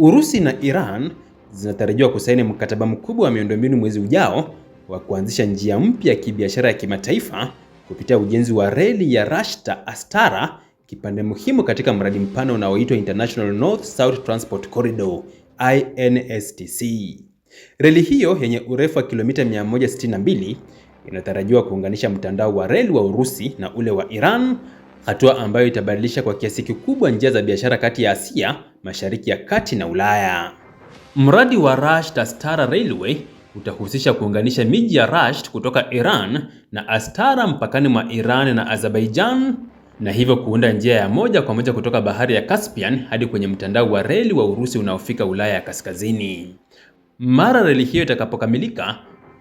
Urusi na Iran zinatarajiwa kusaini mkataba mkubwa wa miundombinu mwezi ujao wa kuanzisha njia mpya ya kibiashara ya kimataifa kupitia ujenzi wa reli ya Rashta Astara, kipande muhimu katika mradi mpana unaoitwa International North South Transport Corridor INSTC. Reli hiyo yenye urefu wa kilomita 162 inatarajiwa kuunganisha mtandao wa reli wa Urusi na ule wa Iran hatua ambayo itabadilisha kwa kiasi kikubwa njia za biashara kati ya Asia, Mashariki ya Kati na Ulaya. Mradi wa Rasht Astara Railway utahusisha kuunganisha miji ya Rasht kutoka Iran na Astara mpakani mwa Iran na Azerbaijan na hivyo kuunda njia ya moja kwa moja kutoka bahari ya Caspian hadi kwenye mtandao wa reli wa Urusi unaofika Ulaya ya Kaskazini. Mara reli hiyo itakapokamilika,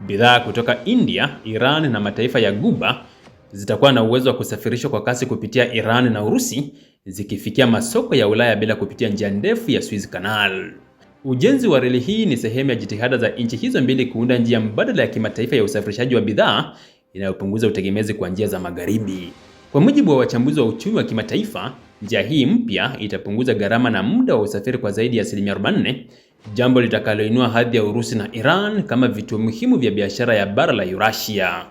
bidhaa kutoka India, Iran na mataifa ya Guba zitakuwa na uwezo wa kusafirishwa kwa kasi kupitia Iran na Urusi zikifikia masoko ya Ulaya bila kupitia njia ndefu ya Suez Canal. Ujenzi wa reli hii ni sehemu ya jitihada za nchi hizo mbili kuunda njia mbadala ya kimataifa ya usafirishaji wa bidhaa inayopunguza utegemezi kwa njia za magharibi. Kwa mujibu wa wachambuzi wa uchumi wa kimataifa, njia hii mpya itapunguza gharama na muda wa usafiri kwa zaidi ya asilimia 40, jambo litakaloinua hadhi ya Urusi na Iran kama vituo muhimu vya biashara ya bara la Eurasia.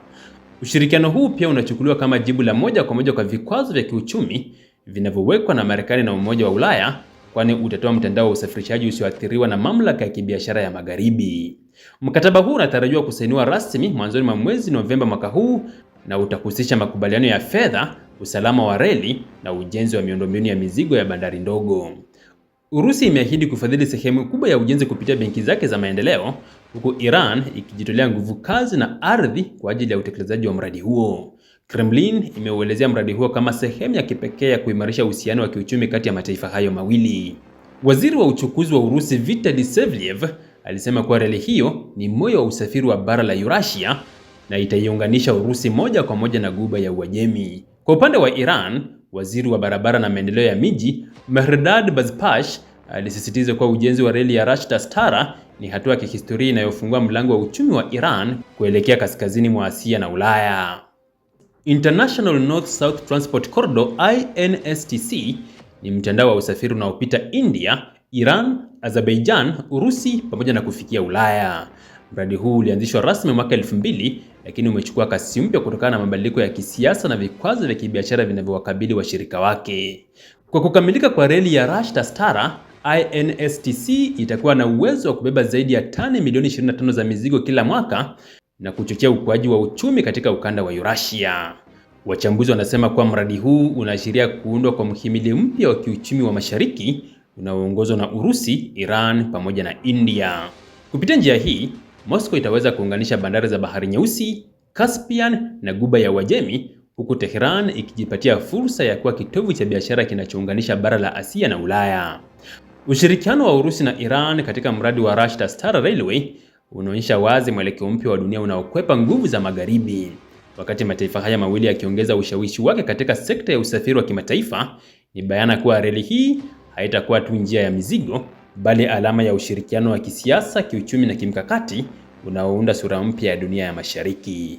Ushirikiano huu pia unachukuliwa kama jibu la moja kwa moja kwa vikwazo vya kiuchumi vinavyowekwa na Marekani na Umoja wa Ulaya kwani utatoa mtandao wa usafirishaji usioathiriwa na mamlaka ya kibiashara ya Magharibi. Mkataba huu unatarajiwa kusainiwa rasmi mwanzoni mwa mwezi Novemba mwaka huu na utahusisha makubaliano ya fedha, usalama wa reli na ujenzi wa miundombinu ya mizigo ya bandari ndogo. Urusi imeahidi kufadhili sehemu kubwa ya ujenzi kupitia benki zake za maendeleo huku Iran ikijitolea nguvu kazi na ardhi kwa ajili ya utekelezaji wa mradi huo. Kremlin imeuelezea mradi huo kama sehemu ya kipekee ya kuimarisha uhusiano wa kiuchumi kati ya mataifa hayo mawili. Waziri wa uchukuzi wa Urusi Vitali Sevliev alisema kuwa reli hiyo ni moyo wa usafiri wa bara la Eurasia na itaiunganisha Urusi moja kwa moja na guba ya Uajemi. Kwa upande wa Iran, waziri wa barabara na maendeleo ya miji Mehrdad Bazpash alisisitiza kuwa ujenzi wa reli ya Rasht-Astara ni hatua ya kihistoria inayofungua mlango wa uchumi wa Iran kuelekea kaskazini mwa Asia na Ulaya. International North South Transport Corridor INSTC ni mtandao wa usafiri unaopita India, Iran, Azerbaijan, Urusi pamoja na kufikia Ulaya. Mradi huu ulianzishwa rasmi mwaka 2000 lakini umechukua kasi mpya kutokana na mabadiliko ya kisiasa na vikwazo vya kibiashara vinavyowakabili washirika wake. Kwa kukamilika kwa reli ya rasht INSTC itakuwa na uwezo wa kubeba zaidi ya tani milioni 25 za mizigo kila mwaka na kuchochea ukuaji wa uchumi katika ukanda wa Eurasia. Wachambuzi wanasema kuwa mradi huu unaashiria kuundwa kwa mhimili mpya wa kiuchumi wa Mashariki unaoongozwa na Urusi, Iran pamoja na India. Kupitia njia hii, Moscow itaweza kuunganisha bandari za Bahari Nyeusi, Caspian na Guba ya Uajemi huku Tehran ikijipatia fursa ya kuwa kitovu cha biashara kinachounganisha bara la Asia na Ulaya. Ushirikiano wa Urusi na Iran katika mradi wa Rashta star Railway unaonyesha wazi mwelekeo mpya wa dunia unaokwepa nguvu za magharibi. Wakati mataifa haya mawili yakiongeza ushawishi wake katika sekta ya usafiri wa kimataifa, ni bayana kuwa reli hii haitakuwa tu njia ya mizigo, bali alama ya ushirikiano wa kisiasa, kiuchumi na kimkakati unaounda sura mpya ya dunia ya Mashariki.